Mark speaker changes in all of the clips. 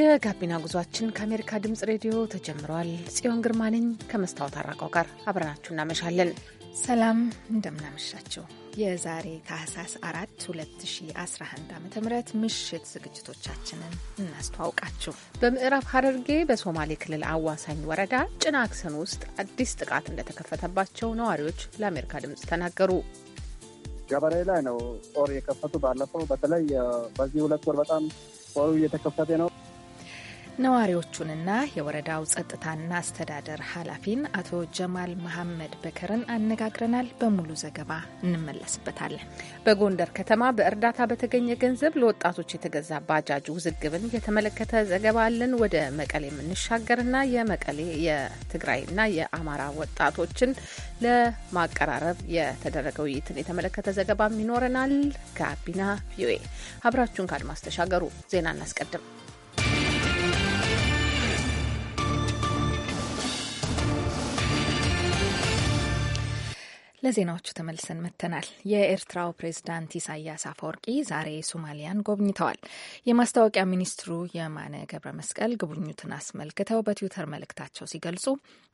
Speaker 1: የጋቢና ጉዟችን ከአሜሪካ ድምጽ ሬዲዮ ተጀምሯል። ጽዮን ግርማ ነኝ ከመስታወት አራቀው ጋር አብረናችሁ እናመሻለን። ሰላም
Speaker 2: እንደምናመሻቸው የዛሬ ታህሳስ አራት 2011 ዓ ም
Speaker 1: ምሽት ዝግጅቶቻችንን እናስተዋውቃችሁ። በምዕራብ ሐረርጌ በሶማሌ ክልል አዋሳኝ ወረዳ ጭናክሰን ውስጥ አዲስ ጥቃት እንደተከፈተባቸው ነዋሪዎች ለአሜሪካ ድምጽ ተናገሩ።
Speaker 3: ገበሬ ላይ ነው ጦር የከፈቱ ባለፈው፣ በተለይ በዚህ ሁለት ወር በጣም ጦሩ እየተከፈተ ነው
Speaker 2: ነዋሪዎቹንና የወረዳው ጸጥታና አስተዳደር ኃላፊን አቶ ጀማል መሐመድ በከርን አነጋግረናል። በሙሉ
Speaker 1: ዘገባ እንመለስበታለን። በጎንደር ከተማ በእርዳታ በተገኘ ገንዘብ ለወጣቶች የተገዛ ባጃጅ ውዝግብን የተመለከተ ዘገባ አለን። ወደ መቀሌ የምንሻገርና የመቀሌ የትግራይና የአማራ ወጣቶችን ለማቀራረብ የተደረገ ውይይትን የተመለከተ ዘገባም ይኖረናል። ጋቢና ቪኦኤ አብራችሁን ከአድማስ ተሻገሩ። ዜና እናስቀድም።
Speaker 2: ለዜናዎቹ ተመልሰን መጥተናል። የኤርትራው ፕሬዝዳንት ኢሳያስ አፈወርቂ ዛሬ ሶማሊያን ጎብኝተዋል። የማስታወቂያ ሚኒስትሩ የማነ ገብረ መስቀል ጉብኝቱን አስመልክተው በትዊተር መልእክታቸው ሲገልጹ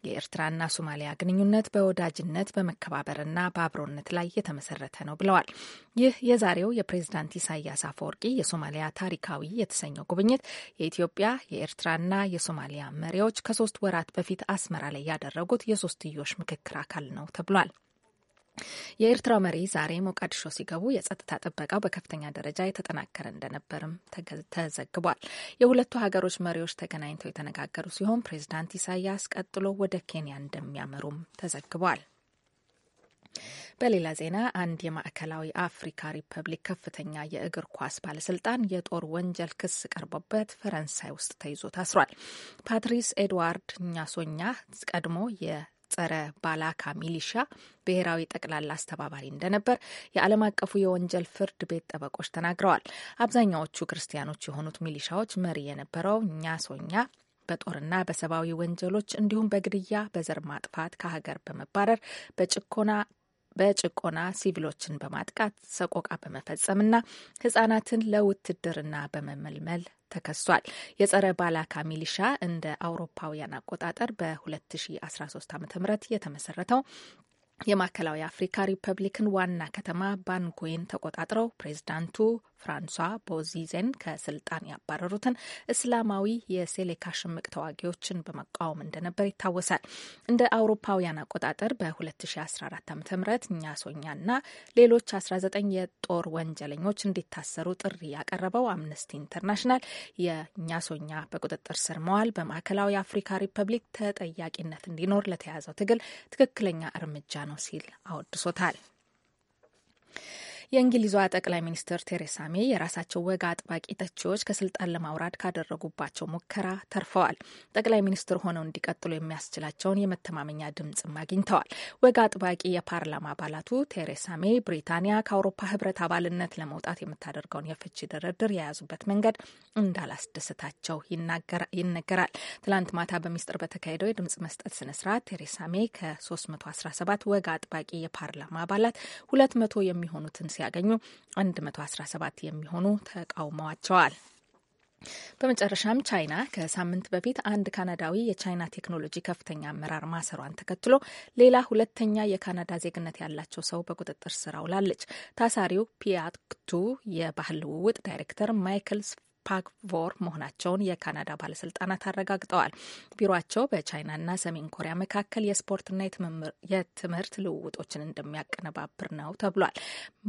Speaker 2: የኤርትራና ሶማሊያ ግንኙነት በወዳጅነት በመከባበርና በአብሮነት ላይ የተመሰረተ ነው ብለዋል። ይህ የዛሬው የፕሬዝዳንት ኢሳያስ አፈወርቂ የሶማሊያ ታሪካዊ የተሰኘው ጉብኝት የኢትዮጵያ የኤርትራና የሶማሊያ መሪዎች ከሶስት ወራት በፊት አስመራ ላይ ያደረጉት የሶስትዮሽ ምክክር አካል ነው ተብሏል። የኤርትራው መሪ ዛሬ ሞቃዲሾ ሲገቡ የጸጥታ ጥበቃው በከፍተኛ ደረጃ የተጠናከረ እንደነበርም ተዘግቧል። የሁለቱ ሀገሮች መሪዎች ተገናኝተው የተነጋገሩ ሲሆን ፕሬዚዳንት ኢሳያስ ቀጥሎ ወደ ኬንያ እንደሚያመሩም ተዘግቧል። በሌላ ዜና አንድ የማዕከላዊ አፍሪካ ሪፐብሊክ ከፍተኛ የእግር ኳስ ባለስልጣን የጦር ወንጀል ክስ ቀርቦበት ፈረንሳይ ውስጥ ተይዞ ታስሯል። ፓትሪስ ኤድዋርድ ኛሶኛ ቀድሞ ጸረ ባላካ ሚሊሻ ብሔራዊ ጠቅላላ አስተባባሪ እንደነበር የዓለም አቀፉ የወንጀል ፍርድ ቤት ጠበቆች ተናግረዋል። አብዛኛዎቹ ክርስቲያኖች የሆኑት ሚሊሻዎች መሪ የነበረው ኛሶኛ በጦርና በሰብአዊ ወንጀሎች እንዲሁም በግድያ፣ በዘር ማጥፋት፣ ከሀገር በመባረር በጭኮና በጭቆና ሲቪሎችን በማጥቃት ሰቆቃ በመፈጸምና ህጻናትን ለውትድርና በመመልመል ተከሷል። የጸረ ባላካ ሚሊሻ እንደ አውሮፓውያን አቆጣጠር በ2013 ዓ ም የተመሰረተው የማዕከላዊ አፍሪካ ሪፐብሊክን ዋና ከተማ ባንጎይን ተቆጣጥረው ፕሬዚዳንቱ ፍራንሷ ቦዚዜን ከስልጣን ያባረሩትን እስላማዊ የሴሌካ ሽምቅ ተዋጊዎችን በመቃወም እንደነበር ይታወሳል። እንደ አውሮፓውያን አቆጣጠር በ2014 ዓ ም ኛሶኛና ሌሎች 19 የጦር ወንጀለኞች እንዲታሰሩ ጥሪ ያቀረበው አምነስቲ ኢንተርናሽናል የኛሶኛ በቁጥጥር ስር መዋል በማዕከላዊ አፍሪካ ሪፐብሊክ ተጠያቂነት እንዲኖር ለተያዘው ትግል ትክክለኛ እርምጃ ነው ሲል አወድሶታል። የእንግሊዟ ጠቅላይ ሚኒስትር ቴሬሳ ሜይ የራሳቸው ወግ አጥባቂ ተቺዎች ከስልጣን ለማውራድ ካደረጉባቸው ሙከራ ተርፈዋል። ጠቅላይ ሚኒስትር ሆነው እንዲቀጥሉ የሚያስችላቸውን የመተማመኛ ድምፅም አግኝተዋል። ወግ አጥባቂ የፓርላማ አባላቱ ቴሬሳ ሜይ ብሪታንያ ከአውሮፓ ህብረት አባልነት ለመውጣት የምታደርገውን የፍቺ ድርድር የያዙበት መንገድ እንዳላስደስታቸው ይነገራል። ትላንት ማታ በሚስጥር በተካሄደው የድምጽ መስጠት ስነስርዓት ቴሬሳ ሜይ ከ317 ወግ አጥባቂ የፓርላማ አባላት 200 የሚሆኑትን ሲያገኙ 117 የሚሆኑ ተቃውመዋቸዋል። በመጨረሻም ቻይና ከሳምንት በፊት አንድ ካናዳዊ የቻይና ቴክኖሎጂ ከፍተኛ አመራር ማሰሯን ተከትሎ ሌላ ሁለተኛ የካናዳ ዜግነት ያላቸው ሰው በቁጥጥር ስር አውላለች። ታሳሪው ፒያክቱ የባህል ልውውጥ ዳይሬክተር ማይክል ፓክቮር መሆናቸውን የካናዳ ባለስልጣናት አረጋግጠዋል። ቢሮቸው በቻይናና ሰሜን ኮሪያ መካከል የስፖርትና የትምህርት ልውውጦችን እንደሚያቀነባብር ነው ተብሏል።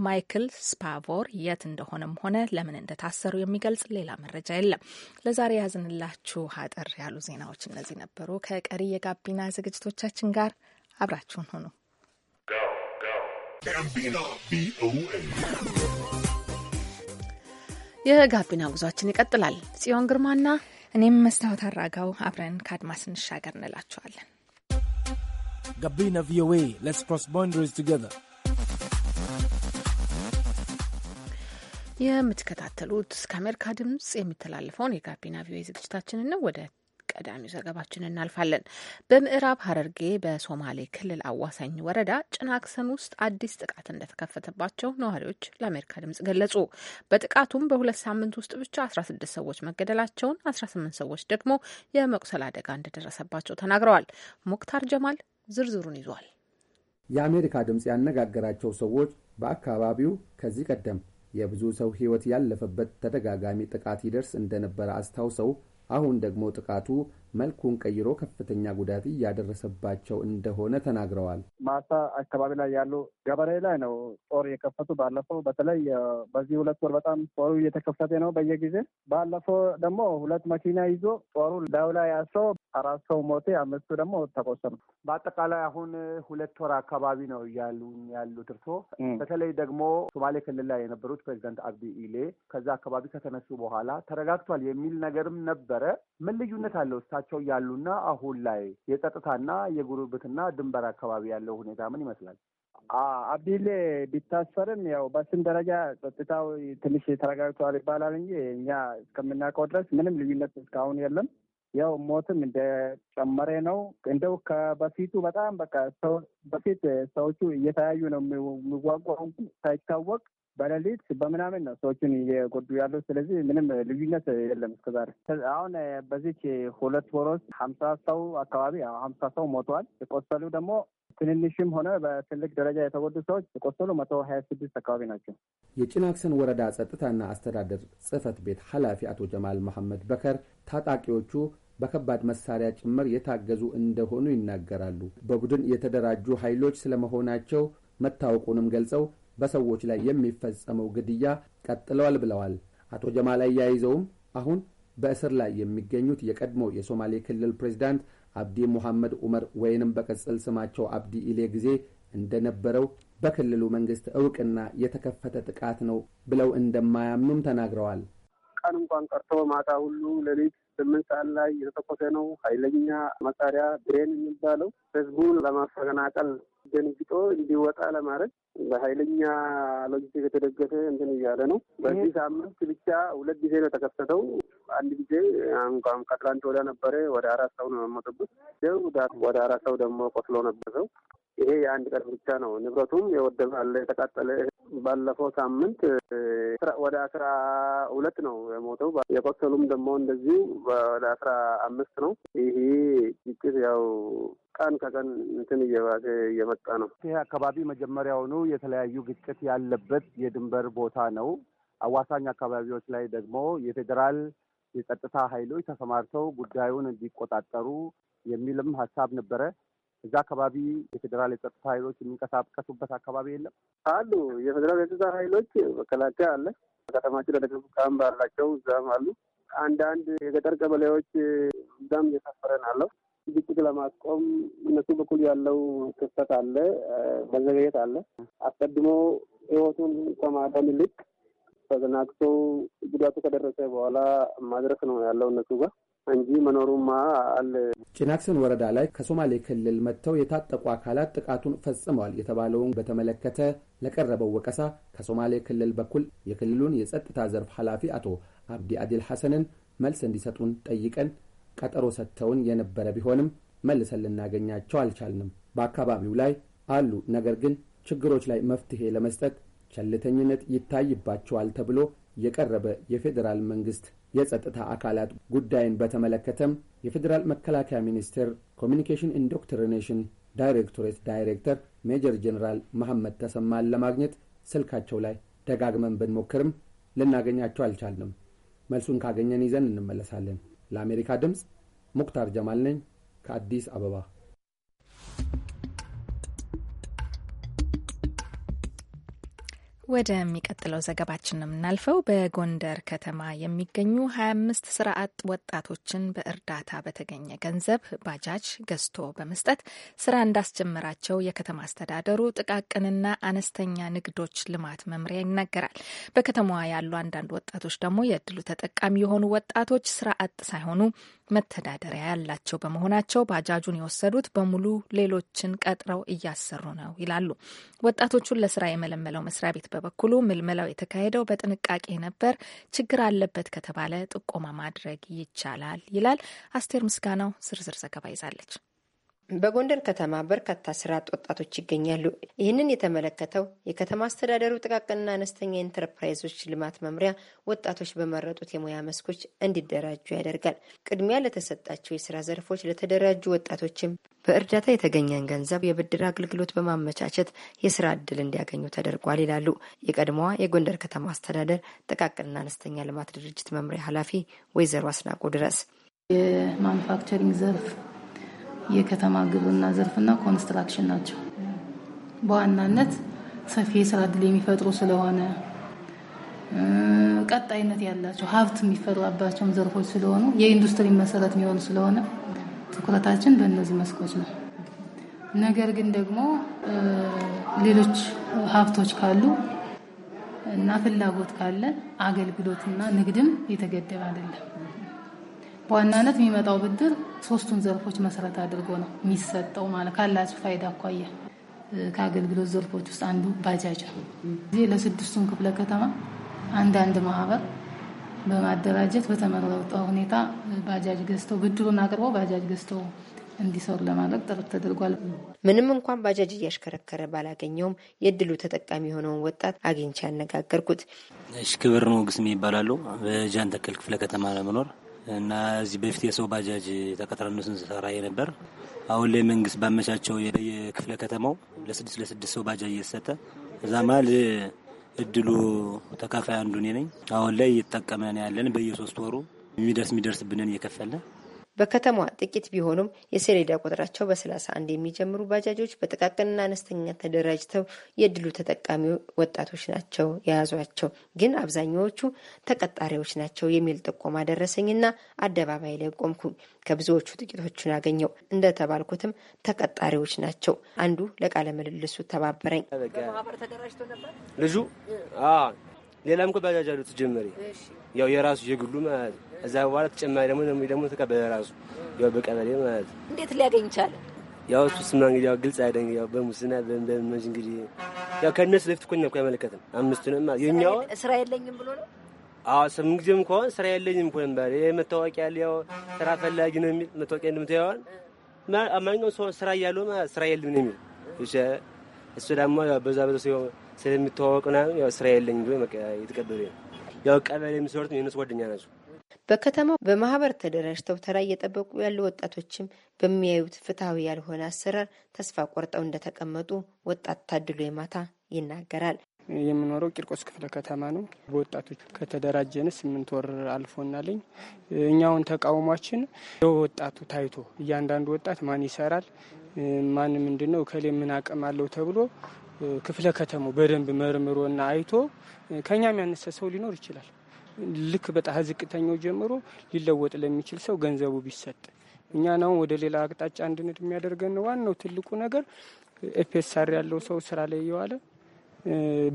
Speaker 2: ማይክል ስፓቮር የት እንደሆነም ሆነ ለምን እንደታሰሩ የሚገልጽ ሌላ መረጃ የለም። ለዛሬ ያዝንላችሁ አጠር ያሉ ዜናዎች እነዚህ ነበሩ። ከቀሪ የጋቢና ዝግጅቶቻችን ጋር አብራችሁን ሁኑ። የጋቢና
Speaker 1: ጉዟችን ይቀጥላል።
Speaker 2: ጽዮን ግርማና እኔም መስታወት አራጋው አብረን ከአድማስ እንሻገር
Speaker 1: እንላችኋለን። ጋቢና ቪኦኤ ሌትስ ክሮስ ቦንደሪስ ቱጌዘር የምትከታተሉት ከአሜሪካ ድምጽ የሚተላለፈውን የጋቢና ቪኦኤ ዝግጅታችንን ነው። ወደ ቀዳሚው ዘገባችን እናልፋለን። በምዕራብ ሀረርጌ በሶማሌ ክልል አዋሳኝ ወረዳ ጭናክሰን ውስጥ አዲስ ጥቃት እንደተከፈተባቸው ነዋሪዎች ለአሜሪካ ድምጽ ገለጹ። በጥቃቱም በሁለት ሳምንት ውስጥ ብቻ 16 ሰዎች መገደላቸውን፣ 18 ሰዎች ደግሞ የመቁሰል አደጋ እንደደረሰባቸው ተናግረዋል። ሙክታር ጀማል ዝርዝሩን ይዟል።
Speaker 4: የአሜሪካ ድምፅ ያነጋገራቸው ሰዎች በአካባቢው ከዚህ ቀደም የብዙ ሰው ሕይወት ያለፈበት ተደጋጋሚ ጥቃት ይደርስ እንደነበረ አስታውሰው አሁን ደግሞ ጥቃቱ መልኩን ቀይሮ ከፍተኛ ጉዳት እያደረሰባቸው እንደሆነ ተናግረዋል።
Speaker 3: ማሳ አካባቢ ላይ ያሉ ገበሬ ላይ ነው ጦር የከፈቱ ባለፈው፣ በተለይ በዚህ ሁለት ወር በጣም ጦሩ እየተከፈተ ነው በየጊዜ። ባለፈው ደግሞ ሁለት መኪና ይዞ ጦሩ ላዩ ላይ ያሰው አራት ሰው ሞቴ፣ አምስቱ ደግሞ ተቆሰሩ በአጠቃላይ አሁን ሁለት ወር አካባቢ ነው እያሉ ያሉት እርሶ በተለይ ደግሞ ሶማሌ ክልል ላይ የነበሩት ፕሬዚዳንት አብዲ ኢሌ ከዛ አካባቢ ከተነሱ በኋላ ተረጋግቷል የሚል ነገርም ነበረ። ምን ልዩነት አለው? ራሳቸው ያሉና አሁን ላይ የጸጥታና የጉርብትና ድንበር አካባቢ ያለው ሁኔታ ምን ይመስላል? አብዲሌ ቢታሰርም ያው በስም ደረጃ ጸጥታው ትንሽ ተረጋግቷል ይባላል እንጂ እኛ እስከምናውቀው ድረስ ምንም ልዩነት እስካሁን የለም። ያው ሞትም እንደጨመረ ነው። እንደው ከበፊቱ በጣም በቃ በፊት ሰዎቹ እየተያዩ ነው የሚዋጓ ሳይታወቅ በሌሊት በምናምን ነው ሰዎችን እየጎዱ ያለው። ስለዚህ ምንም ልዩነት የለም እስከዛሬ። አሁን በዚች ሁለት ወር ውስጥ ሀምሳ ሰው አካባቢ ሀምሳ ሰው ሞቷል። የቆሰሉ ደግሞ ትንንሽም ሆነ በትልቅ ደረጃ የተጎዱ ሰዎች የቆሰሉ መቶ ሀያ ስድስት አካባቢ ናቸው።
Speaker 4: የጭናክሰን ወረዳ ጸጥታና አስተዳደር ጽህፈት ቤት ኃላፊ አቶ ጀማል መሐመድ በከር ታጣቂዎቹ በከባድ መሳሪያ ጭምር የታገዙ እንደሆኑ ይናገራሉ። በቡድን የተደራጁ ኃይሎች ስለመሆናቸው መታወቁንም ገልጸው በሰዎች ላይ የሚፈጸመው ግድያ ቀጥለዋል ብለዋል። አቶ ጀማል አያይዘውም አሁን በእስር ላይ የሚገኙት የቀድሞ የሶማሌ ክልል ፕሬዚዳንት አብዲ ሙሐመድ ዑመር ወይንም በቅጽል ስማቸው አብዲ ኢሌ ጊዜ እንደነበረው በክልሉ መንግስት እውቅና የተከፈተ ጥቃት ነው ብለው እንደማያምኑም ተናግረዋል።
Speaker 3: ቀን እንኳን ቀርቶ ማታ ሁሉ ሌሊት ስምንት ሰዓት ላይ የተተኮሰ ነው። ኃይለኛ መሳሪያ ብሬን የሚባለው ህዝቡን ለማፈናቀል አስደንግጦ እንዲወጣ ለማድረግ በኃይለኛ ሎጂስቲክ የተደገፈ እንትን እያለ ነው። በዚህ ሳምንት ብቻ ሁለት ጊዜ ነው የተከሰተው። አንድ ጊዜ እንኳን ከትላንት ወዲያ ነበረ። ወደ አራት ሰው ነው የሞተበት። ወደ አራት ሰው ደግሞ ቆስሎ ነበር ሰው ይሄ የአንድ ቀን ብቻ ነው። ንብረቱም የወደመ አለ፣ የተቃጠለ ባለፈው ሳምንት ወደ አስራ ሁለት ነው የሞተው። የቆሰሉም ደግሞ እንደዚሁ ወደ አስራ አምስት ነው። ይሄ ግጭት ያው ቀን ከቀን እንትን እየባሰ እየመጣ ነው። ይህ አካባቢ መጀመሪያውኑ የተለያዩ ግጭት ያለበት የድንበር ቦታ ነው። አዋሳኝ አካባቢዎች ላይ ደግሞ የፌዴራል የጸጥታ ኃይሎች ተሰማርተው ጉዳዩን እንዲቆጣጠሩ የሚልም ሀሳብ ነበረ። እዛ አካባቢ የፌዴራል የጸጥታ ኃይሎች የሚንቀሳቀሱበት አካባቢ የለም አሉ። የፌዴራል የጸጥታ ኃይሎች መከላከያ አለ። ከተማችን ለደገፉ ካምፕ አላቸው፣ እዛም አሉ። አንዳንድ የገጠር ቀበሌዎች እዛም እየሰፈረን አለው። ግጭት ለማስቆም እነሱ በኩል ያለው ክፍተት አለ፣ መዘገየት አለ። አስቀድሞ ህይወቱን ከማዳን ይልቅ ተዘናግቶ ጉዳቱ ከደረሰ በኋላ ማድረስ ነው ያለው እነሱ ጋር እንጂ መኖሩማ አለ።
Speaker 4: ጭናክሰን ወረዳ ላይ ከሶማሌ ክልል መጥተው የታጠቁ አካላት ጥቃቱን ፈጽመዋል የተባለውን በተመለከተ ለቀረበው ወቀሳ ከሶማሌ ክልል በኩል የክልሉን የጸጥታ ዘርፍ ኃላፊ አቶ አብዲ አዲል ሐሰንን መልስ እንዲሰጡን ጠይቀን ቀጠሮ ሰጥተውን የነበረ ቢሆንም መልሰን ልናገኛቸው አልቻልንም። በአካባቢው ላይ አሉ፣ ነገር ግን ችግሮች ላይ መፍትሄ ለመስጠት ቸልተኝነት ይታይባቸዋል ተብሎ የቀረበ የፌዴራል መንግስት የጸጥታ አካላት ጉዳይን በተመለከተም የፌዴራል መከላከያ ሚኒስቴር ኮሚኒኬሽን ኢንዶክትሪኔሽን ዳይሬክቶሬት ዳይሬክተር ሜጀር ጀኔራል መሐመድ ተሰማን ለማግኘት ስልካቸው ላይ ደጋግመን ብንሞክርም ልናገኛቸው አልቻልንም። መልሱን ካገኘን ይዘን እንመለሳለን። ለአሜሪካ ድምፅ ሙክታር ጀማል ነኝ ከአዲስ አበባ።
Speaker 2: ወደሚቀጥለው ዘገባችን የምናልፈው በጎንደር ከተማ የሚገኙ 25 ስራ አጥ ወጣቶችን በእርዳታ በተገኘ ገንዘብ ባጃጅ ገዝቶ በመስጠት ስራ እንዳስጀመራቸው የከተማ አስተዳደሩ ጥቃቅንና አነስተኛ ንግዶች ልማት መምሪያ ይናገራል። በከተማዋ ያሉ አንዳንድ ወጣቶች ደግሞ የእድሉ ተጠቃሚ የሆኑ ወጣቶች ስራ አጥ ሳይሆኑ መተዳደሪያ ያላቸው በመሆናቸው ባጃጁን የወሰዱት በሙሉ ሌሎችን ቀጥረው እያሰሩ ነው ይላሉ። ወጣቶቹን ለስራ የመለመለው መስሪያ ቤት በበኩሉ ምልመላው የተካሄደው በጥንቃቄ ነበር፣ ችግር አለበት ከተባለ ጥቆማ ማድረግ ይቻላል ይላል። አስቴር ምስጋናው ዝርዝር ዘገባ ይዛለች። በጎንደር ከተማ በርካታ ስራ አጥ ወጣቶች ይገኛሉ። ይህንን የተመለከተው
Speaker 5: የከተማ አስተዳደሩ ጥቃቅንና አነስተኛ ኢንተርፕራይዞች ልማት መምሪያ ወጣቶች በመረጡት የሙያ መስኮች እንዲደራጁ ያደርጋል። ቅድሚያ ለተሰጣቸው የስራ ዘርፎች ለተደራጁ ወጣቶችም በእርዳታ የተገኘን ገንዘብ የብድር አገልግሎት በማመቻቸት የስራ እድል እንዲያገኙ ተደርጓል ይላሉ የቀድሞዋ የጎንደር ከተማ አስተዳደር ጥቃቅንና አነስተኛ ልማት ድርጅት መምሪያ ኃላፊ ወይዘሮ አስናቁ ድረስ
Speaker 6: የማኑፋክቸሪንግ ዘርፍ የከተማ ግብርና ዘርፍና ኮንስትራክሽን ናቸው። በዋናነት ሰፊ የስራ እድል የሚፈጥሩ ስለሆነ ቀጣይነት ያላቸው ሀብት የሚፈራባቸውም ዘርፎች ስለሆኑ የኢንዱስትሪ መሰረት የሚሆኑ ስለሆነ ትኩረታችን በእነዚህ መስኮች ነው። ነገር ግን ደግሞ ሌሎች ሀብቶች ካሉ እና ፍላጎት ካለ አገልግሎትና ንግድም የተገደበ አይደለም። በዋናነት የሚመጣው ብድር ሶስቱን ዘርፎች መሰረት አድርጎ ነው የሚሰጠው ማለት ካላቸው ፋይዳ አኳያ ከአገልግሎት ዘርፎች ውስጥ አንዱ ባጃጅ ጊዜ ለስድስቱን ክፍለ ከተማ አንዳንድ ማህበር በማደራጀት በተመረጠ ሁኔታ ባጃጅ ገዝተው ብድሩን አቅርበው ባጃጅ ገዝተው እንዲሰሩ ለማድረግ ጥረት ተደርጓል።
Speaker 5: ምንም እንኳን ባጃጅ እያሽከረከረ ባላገኘውም የእድሉ ተጠቃሚ የሆነውን ወጣት አግኝቼ ያነጋገርኩት
Speaker 7: እሽ ክብር ግስሜ ይባላሉ። ተክል ክፍለ ከተማ ለመኖር እና እዚህ በፊት የሰው ባጃጅ ተቀጥረን ስንሰራ የነበር
Speaker 3: አሁን ላይ መንግስት ባመቻቸው የክፍለ ከተማው ለስድስት ለስድስት ሰው ባጃጅ እየተሰጠ እዛ መሀል እድሉ ተካፋይ አንዱ እኔ ነኝ። አሁን ላይ እየተጠቀመን ያለን በየሶስት ወሩ የሚደርስ የሚደርስብንን እየከፈለ
Speaker 5: በከተማዋ ጥቂት ቢሆኑም የሰሌዳ ቁጥራቸው በሰላሳ አንድ የሚጀምሩ ባጃጆች በጥቃቅንና አነስተኛ ተደራጅተው የድሉ ተጠቃሚ ወጣቶች ናቸው የያዟቸው። ግን አብዛኛዎቹ ተቀጣሪዎች ናቸው የሚል ጥቆማ ደረሰኝና አደባባይ ላይ ቆምኩኝ። ከብዙዎቹ ጥቂቶቹን አገኘው። እንደተባልኩትም ተቀጣሪዎች ናቸው። አንዱ ለቃለ ምልልሱ ተባበረኝ።
Speaker 8: ልጁ
Speaker 3: ሌላም ባጃጅ አሉት ያው የራሱ የግሉ ማለት ነው እዛ በኋላ ተጨማሪ ደግሞ ደግሞ ተቀበለ ራሱ ያው በቀበሌ ማለት ነው።
Speaker 8: እንዴት
Speaker 5: ሊያገኝ ቻለ?
Speaker 3: ያው እሱ ስማ እንግዲህ ያው ግልጽ አይደንግ ያው በሙስና በመንጅ እንግዲህ ያው ከእነሱ ለፊት እኮ እኛ እኮ አይመለከትም። አምስቱንም የኛው
Speaker 5: ስራ የለኝም ብሎ ነው።
Speaker 3: አዎ ስም ጊዜም ከሆነ ስራ የለኝም እኮ ነበር ይሄ መታወቂያ ያለ ያው ስራ ፈላጊ ነው የሚል መታወቂያ እንደምታየዋል ማንኛውም ሰው ስራ እያለው ስራ የለም ነው የሚል እሱ ደግሞ በዛ በዛ ሲሆን ስለሚተዋወቅ ምናምን ያው ስራ የለኝም ብሎ የተቀበለ ያው ቀበሌ የሚሰሩት የእነሱ ጓደኛ
Speaker 8: ናቸው
Speaker 5: በከተማው በማህበር ተደራጅተው ተራ እየጠበቁ ያሉ ወጣቶችም በሚያዩት ፍትሐዊ ያልሆነ አሰራር ተስፋ ቆርጠው እንደተቀመጡ ወጣት ታድሎ የማታ ይናገራል።
Speaker 9: የምኖረው ቂርቆስ ክፍለ ከተማ ነው። በወጣቶች ከተደራጀን ስምንት ወር አልፎናለኝ። እኛውን ተቃውሟችን ወጣቱ ታይቶ እያንዳንዱ ወጣት ማን ይሰራል፣ ማን ምንድን ነው፣ ከሌ ምን አቅም አለው ተብሎ ክፍለ ከተማው በደንብ መርምሮና አይቶ ከእኛም ያነሰ ሰው ሊኖር ይችላል ልክ በጣም ዝቅተኛው ጀምሮ ሊለወጥ ለሚችል ሰው ገንዘቡ ቢሰጥ እኛን አሁን ወደ ሌላ አቅጣጫ እንድንድ የሚያደርገን ዋናው ትልቁ ነገር ኤፌሳር ያለው ሰው ስራ ላይ እየዋለ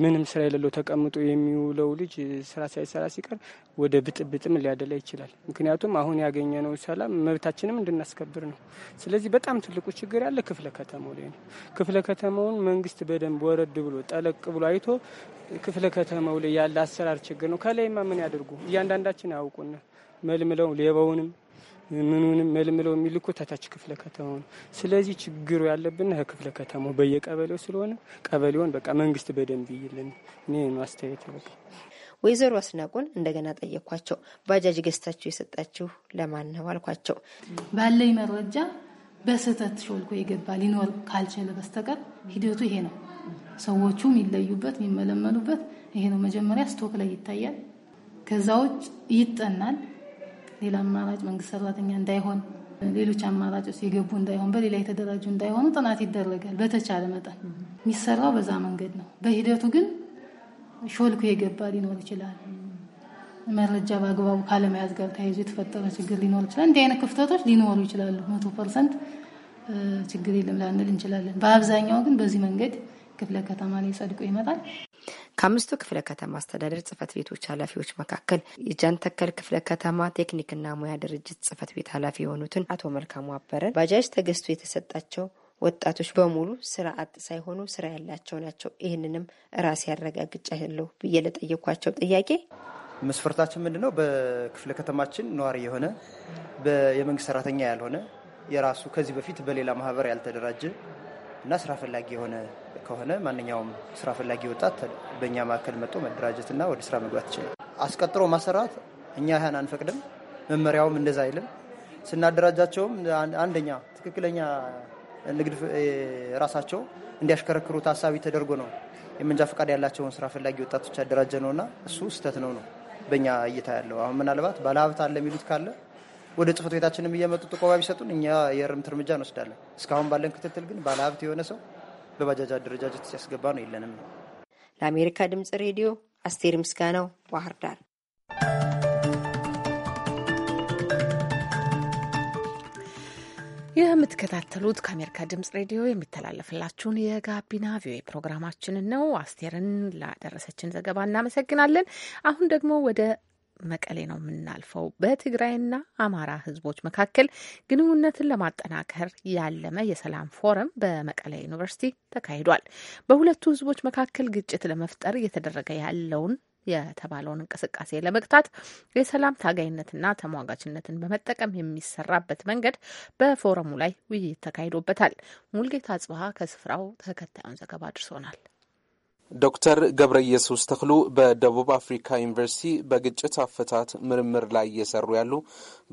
Speaker 9: ምንም ስራ የሌለው ተቀምጦ የሚውለው ልጅ ስራ ሳይሰራ ሲቀር ወደ ብጥብጥም ሊያደላ ይችላል። ምክንያቱም አሁን ያገኘነው ሰላም መብታችንም እንድናስከብር ነው። ስለዚህ በጣም ትልቁ ችግር ያለ ክፍለ ከተማው ላይ ነው። ክፍለ ከተማውን መንግስት በደንብ ወረድ ብሎ ጠለቅ ብሎ አይቶ ክፍለ ከተማው ላይ ያለ አሰራር ችግር ነው። ከላይማ ምን ያደርጉ እያንዳንዳችን አያውቁን መልምለው ሌባውንም ምኑንም መልምለው የሚልኩ ተታች ክፍለ ከተማው ነው። ስለዚህ ችግሩ ያለብን ክፍለ ከተማው በየቀበሌው ስለሆነ ቀበሌውን በቃ መንግስት በደንብ ይልን። እኔ
Speaker 5: ማስተያየት በቃ ወይዘሮ አስናቁን እንደገና ጠየኳቸው። ባጃጅ ገዝታችሁ የሰጣችሁ ለማን ነው አልኳቸው። ባለኝ
Speaker 6: መረጃ በስህተት ሾልኮ የገባ ሊኖር ካልቻለ በስተቀር ሂደቱ ይሄ ነው። ሰዎቹ የሚለዩበት የሚመለመሉበት ይሄ ነው። መጀመሪያ ስቶክ ላይ ይታያል። ከዛ ውጭ ይጠናል። ሌላ አማራጭ መንግስት ሰራተኛ እንዳይሆን ሌሎች አማራጮች የገቡ እንዳይሆን በሌላ የተደራጁ እንዳይሆኑ ጥናት ይደረጋል። በተቻለ መጠን የሚሰራው በዛ መንገድ ነው። በሂደቱ ግን ሾልኩ የገባ ሊኖር ይችላል። መረጃ በአግባቡ ካለመያዝ ጋር ተያይዞ የተፈጠረ ችግር ሊኖር ይችላል። እንዲህ አይነት ክፍተቶች ሊኖሩ ይችላሉ። መቶ ፐርሰንት ችግር የለም ላንል እንችላለን። በአብዛኛው ግን በዚህ መንገድ ክፍለ ከተማ ላይ ጸድቆ ይመጣል።
Speaker 5: ከአምስቱ ክፍለ ከተማ አስተዳደር ጽህፈት ቤቶች ኃላፊዎች መካከል የጃንተከል ክፍለ ከተማ ቴክኒክና ሙያ ድርጅት ጽህፈት ቤት ኃላፊ የሆኑትን አቶ መልካሙ አበረን ባጃጅ ተገዝቶ የተሰጣቸው ወጣቶች በሙሉ ስራ አጥ ሳይሆኑ ስራ ያላቸው ናቸው። ይህንንም ራሴ ያረጋግጫለሁ ብዬ ለጠየኳቸው ጥያቄ
Speaker 9: መስፈርታችን ምንድን ነው? በክፍለ ከተማችን ነዋሪ የሆነ የመንግስት ሰራተኛ ያልሆነ የራሱ ከዚህ በፊት በሌላ ማህበር ያልተደራጀ እና ስራ ፈላጊ የሆነ ከሆነ ማንኛውም ስራ ፈላጊ ወጣት በእኛ መካከል መጥቶ መደራጀትና ወደ ስራ መግባት ይችላል። አስቀጥሮ ማሰራት እኛ ይህን አንፈቅድም፣ መመሪያውም እንደዛ አይልም። ስናደራጃቸውም አንደኛ ትክክለኛ ንግድ ራሳቸው እንዲያሽከረክሩ ታሳቢ ተደርጎ ነው የመንጃ ፈቃድ ያላቸውን ስራ ፈላጊ ወጣቶች ያደራጀ ነውና እሱ ስህተት ነው ነው በእኛ እይታ ያለው። አሁን ምናልባት ባለሀብት አለ የሚሉት ካለ ወደ ጽህፈት ቤታችንም እየመጡ ጥቆማ ቢሰጡን እኛ የእርምት እርምጃ እንወስዳለን። እስካሁን ባለን ክትትል ግን ባለሀብት የሆነ ሰው በባጃጅ አደረጃጀት ሲያስገባ ነው የለንም ነው።
Speaker 5: ለአሜሪካ ድምጽ ሬዲዮ አስቴር ምስጋናው ባህር ዳር።
Speaker 1: የምትከታተሉት ከአሜሪካ ድምጽ ሬዲዮ የሚተላለፍላችሁን የጋቢና ቪኦኤ ፕሮግራማችንን ነው። አስቴርን ላደረሰችን ዘገባ እናመሰግናለን። አሁን ደግሞ ወደ መቀሌ ነው የምናልፈው። በትግራይና አማራ ህዝቦች መካከል ግንኙነትን ለማጠናከር ያለመ የሰላም ፎረም በመቀሌ ዩኒቨርሲቲ ተካሂዷል። በሁለቱ ህዝቦች መካከል ግጭት ለመፍጠር እየተደረገ ያለውን የተባለውን እንቅስቃሴ ለመግታት የሰላም ታጋይነትና ተሟጋችነትን በመጠቀም የሚሰራበት መንገድ በፎረሙ ላይ ውይይት ተካሂዶበታል። ሙልጌታ ጽብሃ ከስፍራው ተከታዩን ዘገባ አድርሶናል።
Speaker 10: ዶክተር ገብረ ኢየሱስ ተክሉ በደቡብ አፍሪካ ዩኒቨርሲቲ በግጭት አፈታት ምርምር ላይ እየሰሩ ያሉ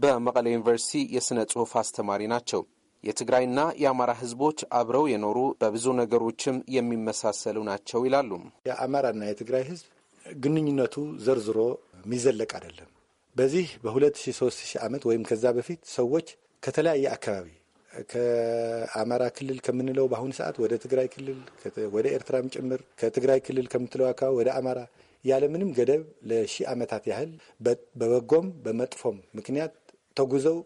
Speaker 10: በመቀሌ ዩኒቨርሲቲ የሥነ ጽሑፍ አስተማሪ ናቸው። የትግራይና የአማራ ህዝቦች አብረው የኖሩ በብዙ ነገሮችም የሚመሳሰሉ ናቸው ይላሉ።
Speaker 11: የአማራና የትግራይ ህዝብ ግንኙነቱ ዘርዝሮ የሚዘለቅ አይደለም። በዚህ በ2003 ዓመት ወይም ከዛ በፊት ሰዎች ከተለያየ አካባቢ ከአማራ ክልል ከምንለው በአሁኑ ሰዓት ወደ ትግራይ ክልል ወደ ኤርትራም ጭምር ከትግራይ ክልል ከምትለው አካባቢ ወደ አማራ ያለምንም ገደብ ለሺህ ዓመታት ያህል በበጎም በመጥፎም ምክንያት ተጉዘው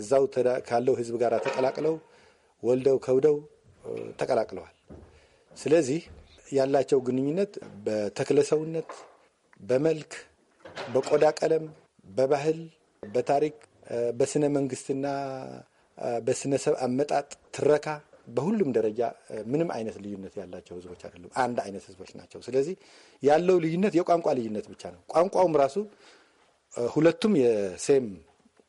Speaker 11: እዛው ካለው ህዝብ ጋር ተቀላቅለው ወልደው ከብደው ተቀላቅለዋል። ስለዚህ ያላቸው ግንኙነት በተክለሰውነት፣ በመልክ፣ በቆዳ ቀለም፣ በባህል፣ በታሪክ፣ በስነ መንግስትና በስነሰብ አመጣጥ ትረካ በሁሉም ደረጃ ምንም አይነት ልዩነት ያላቸው ህዝቦች አይደሉም። አንድ አይነት ህዝቦች ናቸው። ስለዚህ ያለው ልዩነት የቋንቋ ልዩነት ብቻ ነው። ቋንቋውም ራሱ ሁለቱም የሴም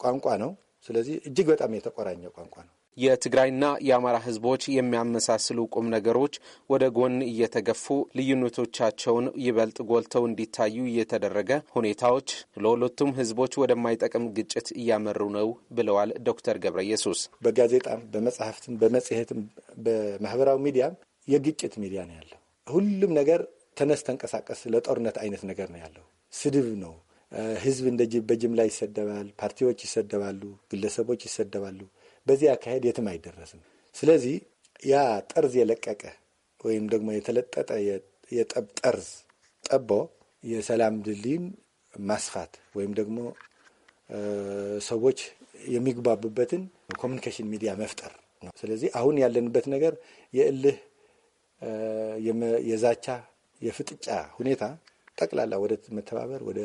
Speaker 11: ቋንቋ ነው። ስለዚህ እጅግ በጣም የተቆራኘ ቋንቋ ነው።
Speaker 10: የትግራይና የአማራ ህዝቦች የሚያመሳስሉ ቁም ነገሮች ወደ ጎን እየተገፉ ልዩነቶቻቸውን ይበልጥ ጎልተው እንዲታዩ እየተደረገ ሁኔታዎች ለሁለቱም ህዝቦች ወደማይጠቅም ግጭት እያመሩ ነው ብለዋል ዶክተር ገብረ ኢየሱስ። በጋዜጣም በመጽሐፍትም በመጽሔትም በማህበራዊ ሚዲያም የግጭት ሚዲያ ነው ያለው። ሁሉም
Speaker 11: ነገር ተነስ ተንቀሳቀስ ለጦርነት አይነት ነገር ነው ያለው። ስድብ ነው። ህዝብ እንደ በጅምላ ይሰደባል። ፓርቲዎች ይሰደባሉ። ግለሰቦች ይሰደባሉ። በዚህ አካሄድ የትም አይደረስም። ስለዚህ ያ ጠርዝ የለቀቀ ወይም ደግሞ የተለጠጠ የጠብ ጠርዝ ጠቦ የሰላም ድልድይን ማስፋት ወይም ደግሞ ሰዎች የሚግባቡበትን ኮሚኒኬሽን ሚዲያ መፍጠር ነው። ስለዚህ አሁን ያለንበት ነገር የእልህ የዛቻ፣ የፍጥጫ ሁኔታ ጠቅላላ ወደ መተባበር ወደ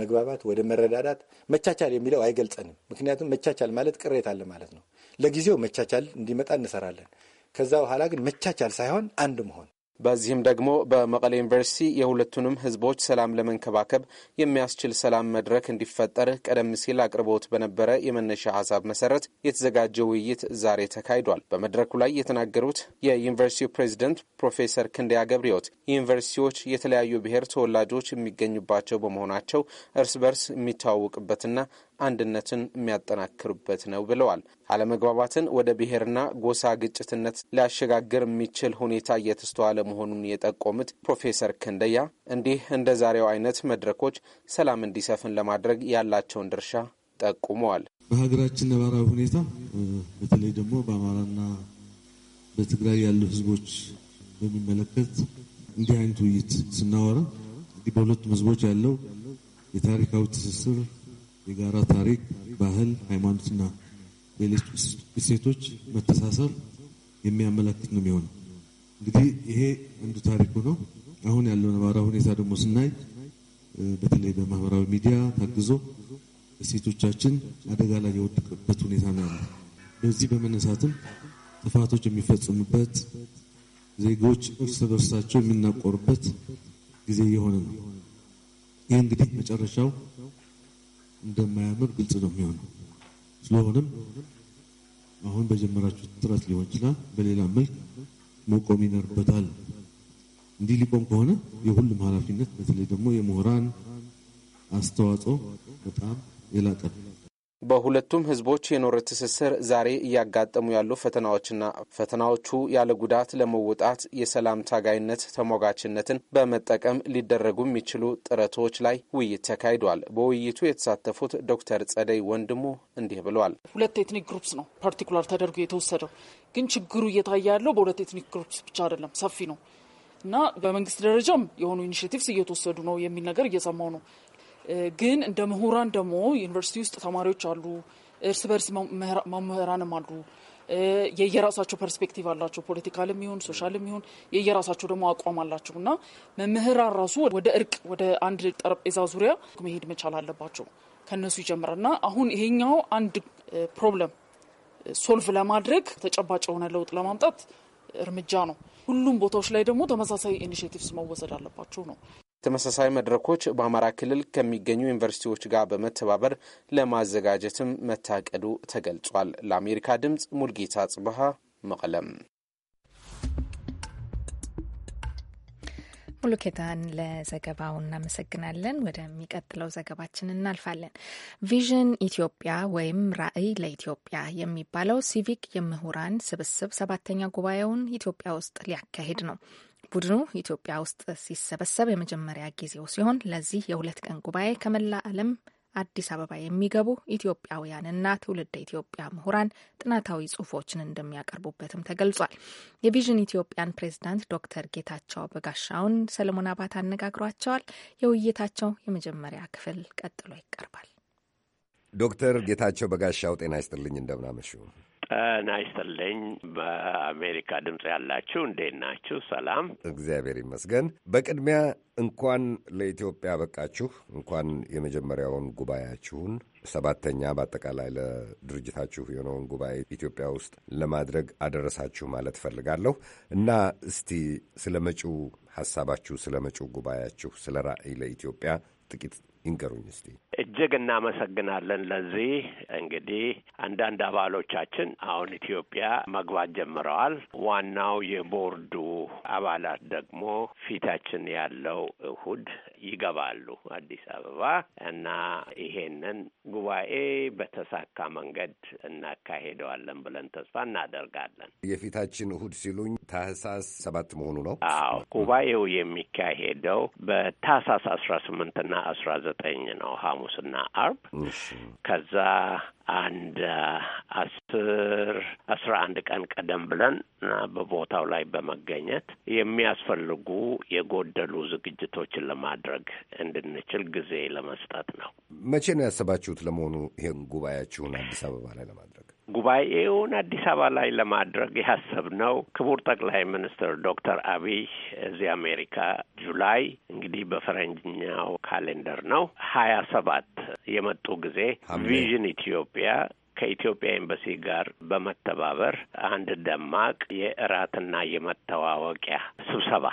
Speaker 11: መግባባት፣ ወደ መረዳዳት መቻቻል የሚለው አይገልጸንም። ምክንያቱም መቻቻል ማለት ቅሬታ አለ ማለት ነው። ለጊዜው መቻቻል
Speaker 10: እንዲመጣ እንሰራለን። ከዛ በኋላ ግን መቻቻል ሳይሆን አንድ መሆን በዚህም ደግሞ በመቀሌ ዩኒቨርሲቲ የሁለቱንም ህዝቦች ሰላም ለመንከባከብ የሚያስችል ሰላም መድረክ እንዲፈጠር ቀደም ሲል አቅርቦት በነበረ የመነሻ ሀሳብ መሰረት የተዘጋጀ ውይይት ዛሬ ተካሂዷል። በመድረኩ ላይ የተናገሩት የዩኒቨርሲቲው ፕሬዚደንት ፕሮፌሰር ክንደያ ገብረሕይወት ዩኒቨርሲቲዎች የተለያዩ ብሔር ተወላጆች የሚገኙባቸው በመሆናቸው እርስ በርስ የሚተዋወቅበትና አንድነትን የሚያጠናክሩበት ነው ብለዋል። አለመግባባትን ወደ ብሔርና ጎሳ ግጭትነት ሊያሸጋግር የሚችል ሁኔታ እየተስተዋለ መሆኑን የጠቆሙት ፕሮፌሰር ክንደያ እንዲህ እንደ ዛሬው አይነት መድረኮች ሰላም እንዲሰፍን ለማድረግ ያላቸውን ድርሻ ጠቁመዋል።
Speaker 8: በሀገራችን ነባራዊ ሁኔታ በተለይ ደግሞ በአማራና በትግራይ ያሉ ህዝቦች በሚመለከት እንዲህ አይነት ውይይት ስናወራ እንግዲህ በሁለቱም ህዝቦች ያለው የታሪካዊ ትስስር፣ የጋራ ታሪክ፣ ባህል፣ ሃይማኖትና ሌሎች እሴቶች መተሳሰር የሚያመለክት ነው የሚሆነው። እንግዲህ ይሄ አንዱ ታሪኩ ነው። አሁን ያለው ነባራዊ ሁኔታ ደግሞ ስናይ በተለይ በማህበራዊ ሚዲያ ታግዞ እሴቶቻችን አደጋ ላይ የወደቀበት ሁኔታ ነው ያለ። በዚህ በመነሳትም ጥፋቶች የሚፈጽሙበት ዜጎች እርስ በርሳቸው የሚናቆርበት ጊዜ እየሆነ ነው። ይህ እንግዲህ መጨረሻው እንደማያምር ግልጽ ነው የሚሆነው። ስለሆነም አሁን በጀመራችሁ ጥረት ሊሆን ይችላል በሌላ መልክ መቆም ይኖርበታል። እንዲህ ሊቆም ከሆነ የሁሉም ኃላፊነት በተለይ ደግሞ የምሁራን አስተዋጽኦ በጣም የላቀ ነው።
Speaker 10: በሁለቱም ህዝቦች የኖረ ትስስር ዛሬ እያጋጠሙ ያሉ ፈተናዎችና ፈተናዎቹ ያለ ጉዳት ለመወጣት የሰላም ታጋይነት ተሟጋችነትን በመጠቀም ሊደረጉ የሚችሉ ጥረቶች ላይ ውይይት ተካሂዷል። በውይይቱ የተሳተፉት ዶክተር ጸደይ ወንድሙ እንዲህ ብለዋል።
Speaker 1: ሁለት ኤትኒክ ግሩፕስ ነው ፓርቲኩላር ተደርጎ የተወሰደው፣ ግን ችግሩ እየታየ ያለው በሁለት ኤትኒክ ግሩፕስ ብቻ አይደለም፣ ሰፊ ነው እና በመንግስት ደረጃም የሆኑ ኢኒሽቲቭስ እየተወሰዱ ነው የሚል ነገር እየሰማው ነው። ግን እንደ ምሁራን ደግሞ ዩኒቨርሲቲ ውስጥ ተማሪዎች አሉ፣ እርስ በርስ መምህራንም አሉ። የየራሳቸው ፐርስፔክቲቭ አላቸው። ፖለቲካልም ይሁን ሶሻልም ይሁን የየራሳቸው ደግሞ አቋም አላቸው እና መምህራን ራሱ ወደ እርቅ ወደ አንድ ጠረጴዛ ዙሪያ መሄድ መቻል አለባቸው። ከነሱ ይጀምራል እና አሁን ይሄኛው አንድ ፕሮብለም ሶልቭ ለማድረግ ተጨባጭ የሆነ ለውጥ ለማምጣት እርምጃ ነው። ሁሉም ቦታዎች ላይ ደግሞ ተመሳሳይ ኢኒሽቲቭስ መወሰድ አለባቸው ነው።
Speaker 10: ተመሳሳይ መድረኮች በአማራ ክልል ከሚገኙ ዩኒቨርሲቲዎች ጋር በመተባበር ለማዘጋጀትም መታቀዱ ተገልጿል። ለአሜሪካ ድምፅ ሙልጌታ ጽብሃ መቀለም
Speaker 2: ሙሉኬታን ለዘገባው እናመሰግናለን። ወደሚቀጥለው ዘገባችን እናልፋለን። ቪዥን ኢትዮጵያ ወይም ራዕይ ለኢትዮጵያ የሚባለው ሲቪክ የምሁራን ስብስብ ሰባተኛ ጉባኤውን ኢትዮጵያ ውስጥ ሊያካሂድ ነው። ቡድኑ ኢትዮጵያ ውስጥ ሲሰበሰብ የመጀመሪያ ጊዜው ሲሆን ለዚህ የሁለት ቀን ጉባኤ ከመላ ዓለም አዲስ አበባ የሚገቡ ኢትዮጵያውያንና ትውልደ ኢትዮጵያ ምሁራን ጥናታዊ ጽሁፎችን እንደሚያቀርቡበትም ተገልጿል። የቪዥን ኢትዮጵያን ፕሬዝዳንት ዶክተር ጌታቸው በጋሻውን ሰለሞን አባት አነጋግሯቸዋል። የውይይታቸው የመጀመሪያ ክፍል ቀጥሎ ይቀርባል።
Speaker 12: ዶክተር ጌታቸው በጋሻው ጤና ይስጥልኝ፣ እንደምናመሹ
Speaker 7: ናይስልኝ በአሜሪካ ድምፅ ያላችሁ እንዴት ናችሁ? ሰላም፣ እግዚአብሔር ይመስገን።
Speaker 12: በቅድሚያ እንኳን ለኢትዮጵያ በቃችሁ። እንኳን የመጀመሪያውን ጉባኤያችሁን ሰባተኛ በአጠቃላይ ለድርጅታችሁ የሆነውን ጉባኤ ኢትዮጵያ ውስጥ ለማድረግ አደረሳችሁ ማለት እፈልጋለሁ እና እስቲ ስለ መጪው ሀሳባችሁ፣ ስለ መጪው ጉባኤያችሁ፣ ስለ ራዕይ ለኢትዮጵያ ጥቂት ይንገሩኝ እስቲ።
Speaker 7: እጅግ እናመሰግናለን። ለዚህ እንግዲህ አንዳንድ አባሎቻችን አሁን ኢትዮጵያ መግባት ጀምረዋል። ዋናው የቦርዱ አባላት ደግሞ ፊታችን ያለው እሁድ ይገባሉ አዲስ አበባ እና ይሄንን ጉባኤ በተሳካ መንገድ እናካሄደዋለን ብለን ተስፋ
Speaker 12: እናደርጋለን። የፊታችን እሁድ ሲሉኝ ታህሳስ ሰባት መሆኑ ነው? አዎ ጉባኤው
Speaker 7: የሚካሄደው በታህሳስ አስራ ስምንትና አስራ ዘጠኝ ነው። ሐሙስና አርብ ከዛ አንድ አስር አስራ አንድ ቀን ቀደም ብለን በቦታው ላይ በመገኘት የሚያስፈልጉ የጎደሉ ዝግጅቶችን ለማድረግ እንድንችል ጊዜ ለመስጠት ነው።
Speaker 12: መቼ ነው ያሰባችሁት? ለመሆኑ ይህን ጉባኤያችሁን አዲስ አበባ ላይ ለማድረግ
Speaker 7: ጉባኤውን አዲስ አበባ ላይ ለማድረግ ያሰብነው ክቡር ጠቅላይ ሚኒስትር ዶክተር አብይ እዚህ አሜሪካ ጁላይ እንግዲህ በፈረንጅኛው ካሌንደር ነው ሀያ ሰባት የመጡ ጊዜ ቪዥን ኢትዮጵያ ከኢትዮጵያ ኤምባሲ ጋር በመተባበር አንድ ደማቅ የእራትና የመተዋወቂያ ስብሰባ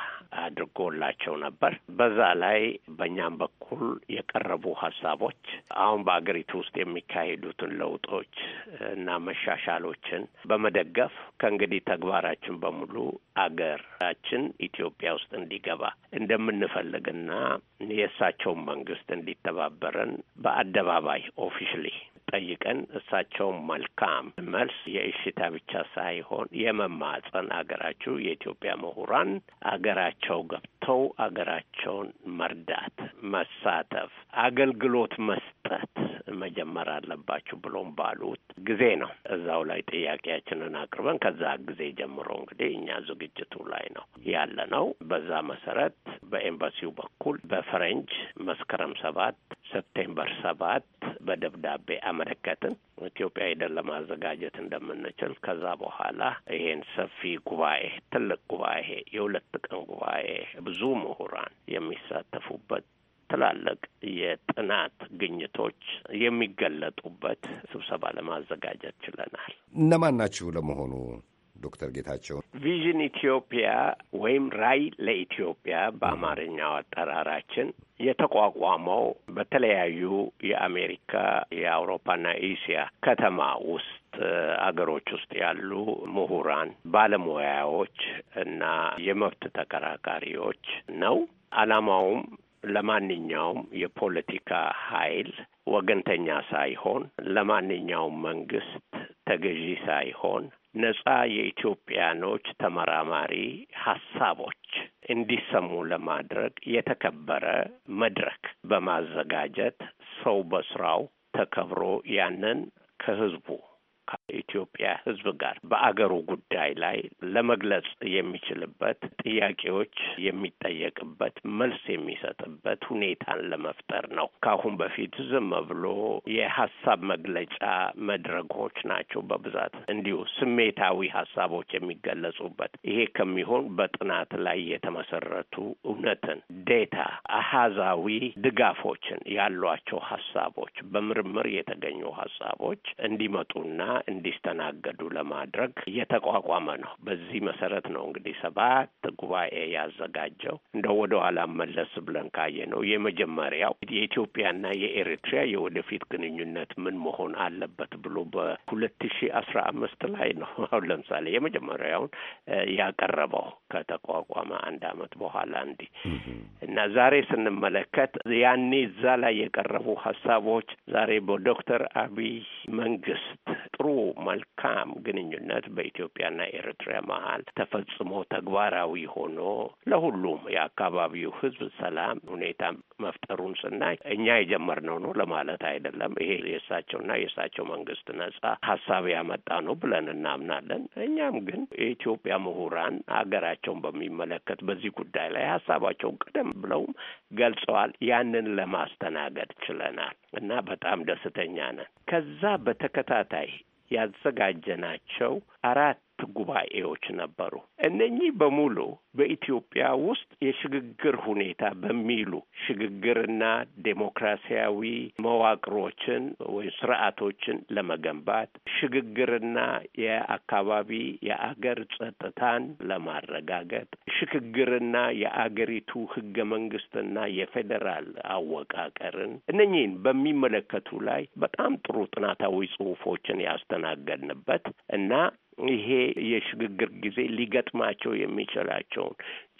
Speaker 7: አድርጎላቸው ነበር። በዛ ላይ በእኛም በኩል የቀረቡ ሀሳቦች አሁን በአገሪቱ ውስጥ የሚካሄዱትን ለውጦች እና መሻሻሎችን በመደገፍ ከእንግዲህ ተግባራችን በሙሉ አገራችን ኢትዮጵያ ውስጥ እንዲገባ እንደምንፈልግና የእሳቸውን መንግስት እንዲተባበረን በአደባባይ ኦፊሽሊ ጠይቀን እሳቸው መልካም መልስ የእሽታ ብቻ ሳይሆን የመማጸን አገራችሁ የኢትዮጵያ ምሁራን አገራቸው ገብተው አገራቸውን መርዳት፣ መሳተፍ፣ አገልግሎት መስጠት መጀመር አለባችሁ ብሎም ባሉት ጊዜ ነው። እዛው ላይ ጥያቄያችንን አቅርበን ከዛ ጊዜ ጀምሮ እንግዲህ እኛ ዝግጅቱ ላይ ነው ያለ ነው። በዛ መሰረት በኤምባሲው በኩል በፈረንጅ መስከረም ሰባት ሴፕቴምበር ሰባት በደብዳቤ አመለከትን። ኢትዮጵያ ሄደን ለማዘጋጀት እንደምንችል ከዛ በኋላ ይሄን ሰፊ ጉባኤ ትልቅ ጉባኤ የሁለት ቀን ጉባኤ ብዙ ምሁራን የሚሳተፉበት ትላልቅ የጥናት ግኝቶች የሚገለጡበት ስብሰባ ለማዘጋጀት ችለናል።
Speaker 12: እነማን ናችሁ ለመሆኑ ዶክተር ጌታቸው
Speaker 7: ቪዥን ኢትዮጵያ ወይም ራይ ለኢትዮጵያ በአማርኛው አጠራራችን የተቋቋመው በተለያዩ የአሜሪካ የአውሮፓና ኤስያ ከተማ ውስጥ አገሮች ውስጥ ያሉ ምሁራን፣ ባለሙያዎች እና የመብት ተከራካሪዎች ነው። አላማውም ለማንኛውም የፖለቲካ ኃይል ወገንተኛ ሳይሆን ለማንኛውም መንግስት ተገዢ ሳይሆን ነጻ የኢትዮጵያኖች ተመራማሪ ሀሳቦች እንዲሰሙ ለማድረግ የተከበረ መድረክ በማዘጋጀት ሰው በስራው ተከብሮ ያንን ከህዝቡ ኢትዮጵያ ሕዝብ ጋር በአገሩ ጉዳይ ላይ ለመግለጽ የሚችልበት ጥያቄዎች የሚጠየቅበት መልስ የሚሰጥበት ሁኔታን ለመፍጠር ነው። ከአሁን በፊት ዝም ብሎ የሀሳብ መግለጫ መድረኮች ናቸው በብዛት እንዲሁ ስሜታዊ ሀሳቦች የሚገለጹበት። ይሄ ከሚሆን በጥናት ላይ የተመሰረቱ እውነትን፣ ዴታ፣ አሃዛዊ ድጋፎችን ያሏቸው ሀሳቦች በምርምር የተገኙ ሀሳቦች እንዲመጡና እንዲስተናገዱ ለማድረግ እየተቋቋመ ነው። በዚህ መሰረት ነው እንግዲህ ሰባት ጉባኤ ያዘጋጀው። እንደ ወደ ኋላ መለስ ብለን ካየ ነው የመጀመሪያው የኢትዮጵያና የኤሪትሪያ የወደፊት ግንኙነት ምን መሆን አለበት ብሎ በሁለት ሺ አስራ አምስት ላይ ነው አሁን ለምሳሌ የመጀመሪያውን ያቀረበው ከተቋቋመ አንድ አመት በኋላ እንዲህ እና ዛሬ ስንመለከት ያኔ እዛ ላይ የቀረቡ ሀሳቦች ዛሬ በዶክተር አብይ መንግስት መልካም ግንኙነት በኢትዮጵያና ኤርትራ መሀል ተፈጽሞ ተግባራዊ ሆኖ ለሁሉም የአካባቢው ሕዝብ ሰላም ሁኔታ መፍጠሩን ስናይ እኛ የጀመርነው ነው ለማለት አይደለም። ይሄ የእሳቸውና የእሳቸው መንግስት ነጻ ሀሳብ ያመጣ ነው ብለን እናምናለን። እኛም ግን የኢትዮጵያ ምሁራን ሀገራቸውን በሚመለከት በዚህ ጉዳይ ላይ ሀሳባቸውን ቀደም ብለውም ገልጸዋል። ያንን ለማስተናገድ ችለናል እና በጣም ደስተኛ ነን። ከዛ በተከታታይ ያዘጋጀናቸው አራት ጉባኤዎች ነበሩ። እነኚህ በሙሉ በኢትዮጵያ ውስጥ የሽግግር ሁኔታ በሚሉ ሽግግርና ዴሞክራሲያዊ መዋቅሮችን ወይም ስርዓቶችን ለመገንባት ሽግግርና የአካባቢ የአገር ጸጥታን ለማረጋገጥ ሽግግርና የአገሪቱ ህገ መንግስትና የፌዴራል አወቃቀርን እነኚህን በሚመለከቱ ላይ በጣም ጥሩ ጥናታዊ ጽሁፎችን ያስተናገድንበት እና ይሄ የሽግግር ጊዜ ሊገጥማቸው የሚችላቸውን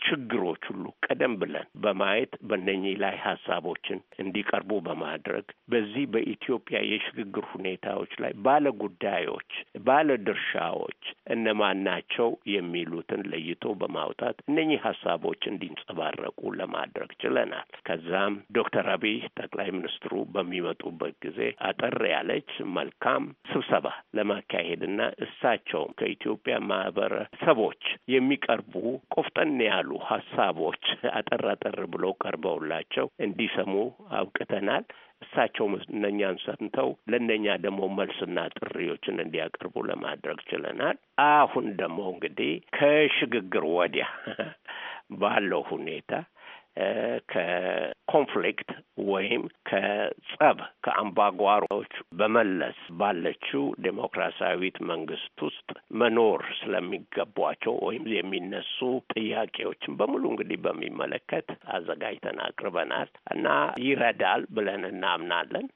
Speaker 7: ችግሮች ሁሉ ቀደም ብለን በማየት በነኚህ ላይ ሀሳቦችን እንዲቀርቡ በማድረግ በዚህ በኢትዮጵያ የሽግግር ሁኔታዎች ላይ ባለ ጉዳዮች፣ ባለ ድርሻዎች እነማን ናቸው የሚሉትን ለይቶ በማውጣት እነኚህ ሀሳቦች እንዲንጸባረቁ ለማድረግ ችለናል። ከዛም ዶክተር አብይ ጠቅላይ ሚኒስትሩ በሚመጡበት ጊዜ አጠር ያለች መልካም ስብሰባ ለማካሄድና እሳቸውም ከኢትዮጵያ ማህበረሰቦች የሚቀርቡ ቆፍጠን ያሉ ያሉ ሀሳቦች አጠር አጠር ቀርበውላቸው እንዲሰሙ አብቅተናል። እሳቸውም እነኛን ሰምተው ለእነኛ ደግሞ መልስና ጥሪዎችን እንዲያቀርቡ ለማድረግ ችለናል። አሁን ደግሞ እንግዲህ ከሽግግር ወዲያ ባለው ሁኔታ ከኮንፍሊክት ወይም ከጸብ ከአምባጓሮች በመለስ ባለችው ዴሞክራሲያዊት መንግስት ውስጥ መኖር ስለሚገቧቸው ወይም የሚነሱ ጥያቄዎችን በሙሉ እንግዲህ በሚመለከት አዘጋጅተን አቅርበናል እና ይረዳል ብለን እናምናለን።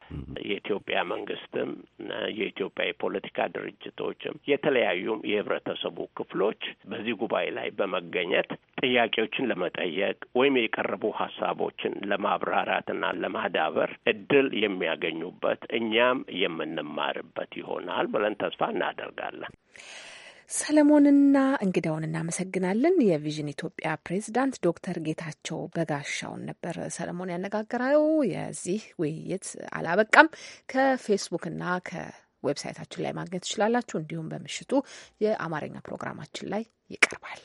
Speaker 7: የኢትዮጵያ መንግስትም የኢትዮጵያ የፖለቲካ ድርጅቶችም የተለያዩም የህብረተሰቡ ክፍሎች በዚህ ጉባኤ ላይ በመገኘት ጥያቄዎችን ለመጠየቅ ወይም የቀረ የቀረቡ ሀሳቦችን ለማብራራትና ለማዳበር እድል የሚያገኙበት እኛም የምንማርበት ይሆናል ብለን ተስፋ እናደርጋለን።
Speaker 1: ሰለሞንና እንግዳውን እናመሰግናለን። የቪዥን ኢትዮጵያ ፕሬዚዳንት ዶክተር ጌታቸው በጋሻውን ነበር ሰለሞን ያነጋገረው። የዚህ ውይይት አላበቃም። ከፌስቡክና ከዌብሳይታችን ላይ ማግኘት ትችላላችሁ። እንዲሁም በምሽቱ የአማርኛ ፕሮግራማችን ላይ ይቀርባል።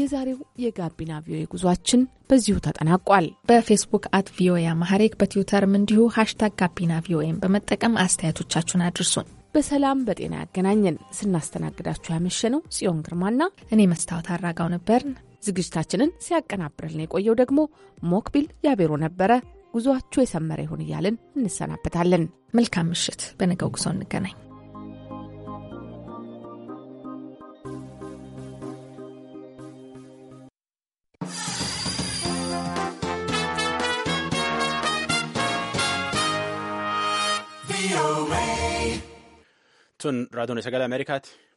Speaker 1: የዛሬው የጋቢና ቪኦኤ ጉዟችን በዚሁ ተጠናቋል። በፌስቡክ አት ቪኦኤ አማሐሬክ በትዊተርም እንዲሁ
Speaker 2: ሀሽታግ ጋቢና ቪኦኤን በመጠቀም አስተያየቶቻችሁን አድርሱን። በሰላም በጤና ያገናኘን።
Speaker 1: ስናስተናግዳችሁ ያመሸነው ጽዮን ግርማና እኔ መስታወት አራጋው ነበርን። ዝግጅታችንን ሲያቀናብርልን የቆየው ደግሞ ሞክቢል ያቤሮ ነበረ። ጉዟችሁ የሰመረ ይሁን እያልን እንሰናበታለን። መልካም ምሽት። በነገው ጉዞ እንገናኝ።
Speaker 7: Tun raadiyoon e sagal
Speaker 8: amerikaati.